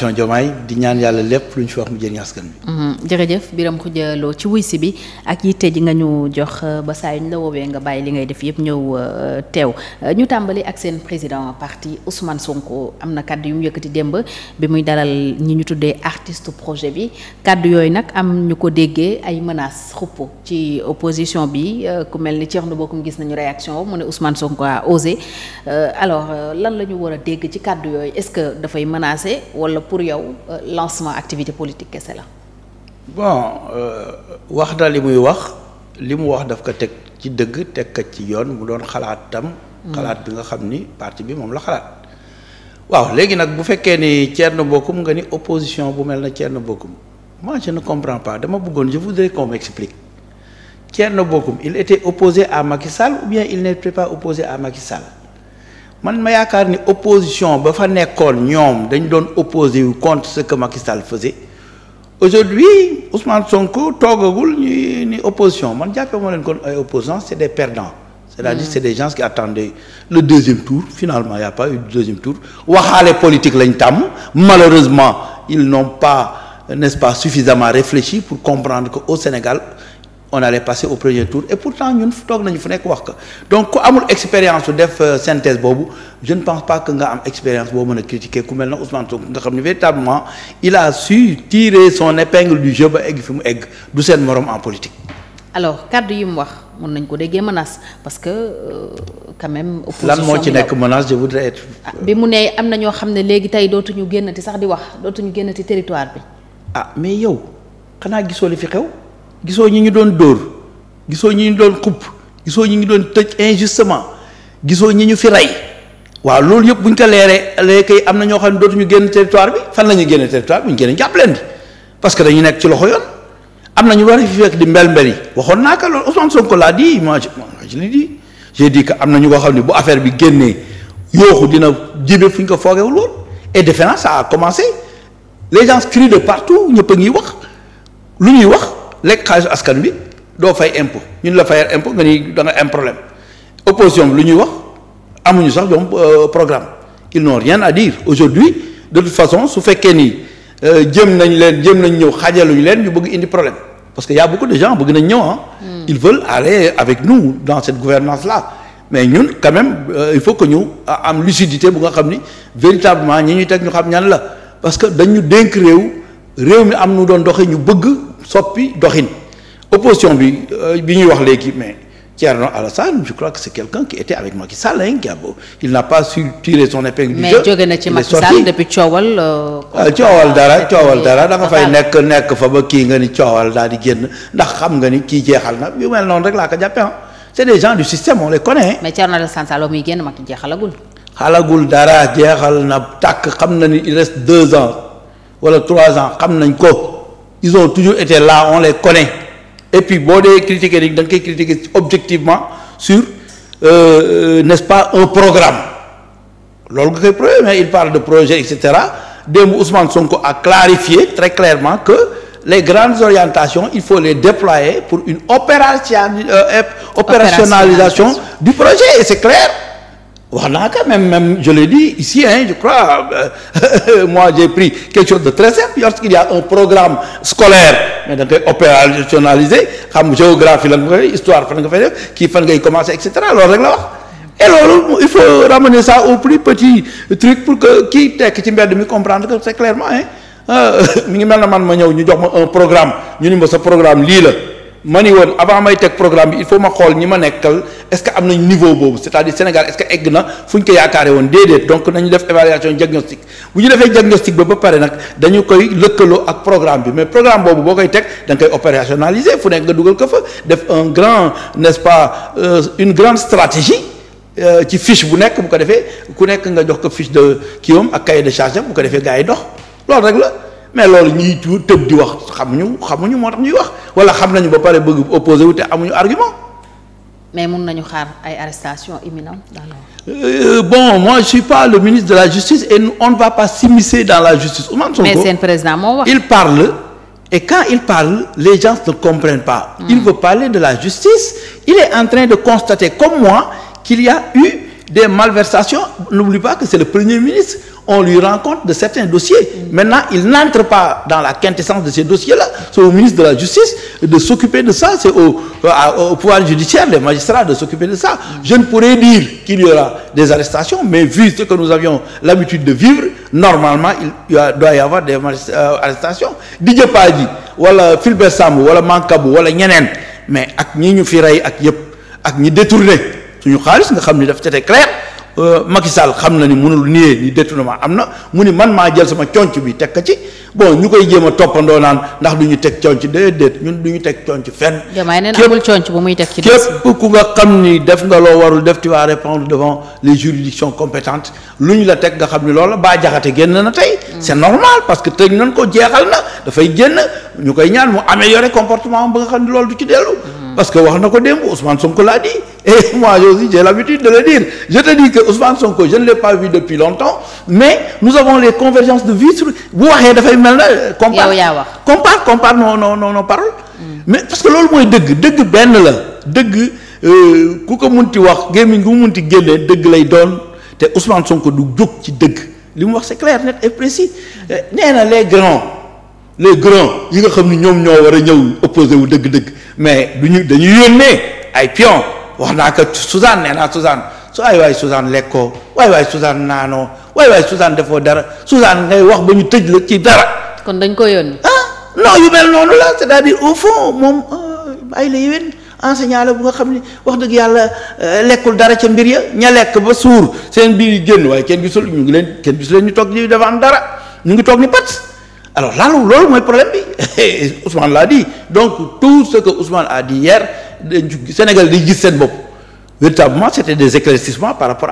coalition Diomaye di ñaan yàlla lépp lu fi wax mu jëriñ askan bi mhm. jërëjëf Birame Khoudia Lo ci wuy si bi ak yitte ji nga ñu jox euh, ba saa yu ñu la woowee nga bàyyi li ngay def yëpp ñëw euh, teew euh, ñu tàmbali ak seen président parti Ousmane Sonko am na kàddu yu mu yëkkati démb bi muy dalal ñi ñu tuddee artiste projet bi kàddu yooyu nag am ñu ko déggee ay menaces xupp ci opposition bi ku mel ni Thierno Bocoum gis nañu réaction mu ne Ousmane Sonko a osé alors lan la ñu war a dégg ci pour yow euh, lancement activité politique kese la. bon euh, wax na li muy wax li mu wax daf ko teg ci dëgg teg ka ci yoon mu doon xalaat tam. Mm. xalaat bi nga xam ni parti bi moom la xalaat. waaw léegi nag bu fekkee ni Thierno Bocoum nga ni opposition bu mel na Thierno Bocoum moi je ne comprends pas dama bëggoon je voudrais qu'on m'explique Thierno Bocoum il était opposé à Macky Sall ou bien il n'était pas opposé à Macky Sall. man ma yaakaar ni opposition ba fa nekkoon ñoom dañ doon opposé wu contre ce que Macky Sall faisait aujourd'hui Ousmane Sonko toogagul ñuy ni opposition man jàppe moo leen kon ay opposants c'est des perdants c'est-à-dire mm. c'est des gens qui attendaient le deuxième tour finalement il y a pas eu de deuxième tour waxaale politique lañ tàmm malheureusement ils n'ont pas n'est-ce pas suffisamment réfléchi pour comprendre que au Sénégal on allait passer au premier tour et pourtant ñun toog nañu fu nekk wax ko donc ku amul expérience su def euh, synthèse boobu je ne pense pas que nga am expérience boo mën a critiquer ku mel na Ousmane Sonko nga xam ne véritablement il a su tirer son épingle du jeu ba egg fi mu egg du seen morom en politique. alors kàddu yi mu wax mën nañ ko déggee menace parce que euh, quand lan moo ci nekk menace je voudrais ah, bi mu ne am na ñoo xam ne léegi tey dootuñu génnati sax di wax dootuñu ti territoire bi. ah mais yow xanaa gisoo li fi xew. gisoo ñi ñu doon dóor gisoo ñi ñu doon xupp gisoo ñi ñu doon tëj injustement gisoo ñi ñu fi rey waaw loolu yëpp buñ ko leeree léegi am na ñoo xam ne dootuñu génn territoire bi fan la ñuy génne territoire bi ñu génne jàpp leen parce que dañu nekk ci loxo yoon am na ñu war a fi fekk di mbel-mbel yi waxoon naa ko loolu Ousmane Sonko laa di moi je l'ai dit j'ai am na ñu ko xam ne bu affaire bi génnee yooxu dina jibe fu ñu ko foogewul woon et defe naa ça a commencé les gens crient de partout ñëpp a ngi lu ñuy wax. lekk xaalisu askan bi doo fay impôt ñun la fayal impôt nga ñuy da nga am problème opposition bi lu ñuy wax amuñu sax ñoom euh, programme ils n'ont rien à dire aujourd'hui de toute façon su fekkee ni euh, jëm nañ leen jëm nañ ñëw xaajaluñu leen ñu bëgg indi problème parce que y a beaucoup de gens bëgg nañ ñëw ah. Hmm. ils veulent aller avec nous dans cette gouvernance la mais ñun quand même euh, il faut que ñu am lucidité bu nga xam ni véritablement ñi ñuy teg ñu xam ñan la parce que dañu dénk réew réew mi am nu doon doxee ñu bëgg. soppi doxin opposition bi euh, bi ñuy wax léegi mais Thierno Alassane je crois que c'est quelqu'un qui était avec Macky Sall hein, qui a il n'a pas su tirer son épingle du jeu mais jóge na ci Macky Sall depuis coowal. Euh, ah, coowal dara coowal dara da nga fay nekk nekk fa ba kii nga ni coowal daal di génn ndax xam nga ni kii jeexal na yu mel noonu rek laa ko jàppee ah c'est des gens du système on les connaît. mais Thierno Alassane Sall muy génn xalagul dara jeexal na tàkk xam na ni il reste deux ans wala trois ans xam nañ ko. ils ont toujours été là on les connaît et puis boo dee critiquer dañ da nga koy critiquer objectivement sur euh, n'est-ce pas un programme loolu nga koy de projet et cetera démb Ousmane Sonko a clarifié très clairement que les grandes orientations il faut les déployer pour une opération euh, opérationnalisation du projet et c'est clair wax naa ko même même je l'ai dit ici je crois euh, moi j'ai pris quelque chose de très simple lorsqu'il y a un programme scolaire mais da nga koy opérationnaliser xam géographie la nga fay histoire fan nga fay def kii fan ngay commencer et cetera loolu rek la wax et loolu il faut ramener ça au plus petit truc pour que kii tekk ci mbedd mi comprendre que c'est clairement hein euh, mi ngi mel na man ma ñëw ñu jox ma un programme ñu ni ma sa programme lii la ma ni woon avant may teg programme bi il faut ma xool ñi ma nekkal est-ce que am nañ niveau boobu c'est-à-dire Sénégal est-ce que egg na fu ñu ko yaakaare woon déedéet donc nañu def évaluation diagnostic bu ñu defee diagnostic ba ba pare nag dañu koy lëkkaloo ak programme bi mais programme boobu boo koy teg da nga koy opérationnaliser fu nekk nga dugal ko fa def un grand n'est-ce pas euh, une grande stratégie euh, ci fiche bu nekk bu ko defee ku nekk nga jox ko fiche de ak cahier de charge ko defee gars yi dox mais loolu ñuy tuur tëb di wax xamuñu xamuñu moo tax ñuy wax wala xam nañu ba pare bëgg opposé wu te amuñu argument. mais mun nañu xaar ay arrestation imminente dans euh, bon moi je suis pas le ministre de la justice et on ne va pas s'immiscer dans la justice Ousmane Sonko mais seen président moo wax il parle et quand il parle les gens ne comprennent pas hmm. il veut parler de la justice il est en train de constater comme moi qu'il y a eu des malversations n'oublie pas que c'est on lui rend compte de certains dossiers. Maintenant, il n'entre pas dans la quintessence de ces dossiers-là. C'est au ministre de la Justice de s'occuper de ça, c'est au, euh, pouvoir judiciaire, les magistrats de s'occuper de ça. Je ne pourrais dire qu'il y aura des arrestations, mais vu ce que nous avions l'habitude de vivre, normalement, il doit y avoir des euh, arrestations. Didier Padi, wala Philbert Samou, wala Mankabou, ñeneen mais ak ñi ñu fi rey ak yëpp ak ñi détourné suñu xaalis nga xam ni daf c'était Euh, Macky Sall xam na ni mënul niee ni am na mu ni man maa jël sama conc bi teg ko ci bon ñu koy jéem a toppandoo naan ndax du ñu teg conc déedéet ñun du ñu teg conc fenn. képp ku nga xam ni def nga loo warul def tu vas répondre devant les juridictions compétentes lu ñu la teg nga xam ni loola baa jaxate génn na tey. Mm. c'est normal parce que tëj nañ ko jeexal na dafay génn ñu koy ñaan mu amélioré comportement ba nga xam ni loolu du ci dellu. Mm. parce qu wax na ko démb Ousmane Sonko laa di Et moi aussi, j'ai l'habitude de le dire. Je te dis que Ousmane Sonko, je ne l'ai pas vu depuis longtemps, mais nous avons les convergences de vues sur bu waxee dafay mel na euh, compare compare compare non non non non parole mm. mais parce que loolu mooy dëgg dëgg benn la dëgg euh, ku ko mun ti wax gémmiñ gu mu munti génnee dëgg lay doon te Ousmane Sonko du jóg ci dëgg li mu wax c'est clair net et précis euh, nee na les grands les grands yi nga xam ni ñoom ñoo war a ñëw opposé wu dëgg-dëgg mais duñu dañuy yónnee ay pions wax naa ko Suzanne nee naa Suzanne su ay waay Suzanne lekkoo waay waay Suzanne naanoo waay waay Suzanne defoo dara Suzanne ngay wax ba ñu tëj la ci dara. kon dañ ko yónni. ah non yu mel noonu la c'est-à-dire au fond moom eh, ay la yéwén enseignant la bu nga xam ni wax dëgg yàlla eh, lekkul dara ca mbir ya ña lekk ba suur seen biir yi génn waaye kenn gisul ñu ngi leen kenn gisul ñu toog di dafa am dara ñu ngi toog ni pat. alors là loolu mooy problème bi Ousmane l'a donc tout ce a dit dañ Sénégal day gis seen bopp véritablement c'était des éclaircissements par rapport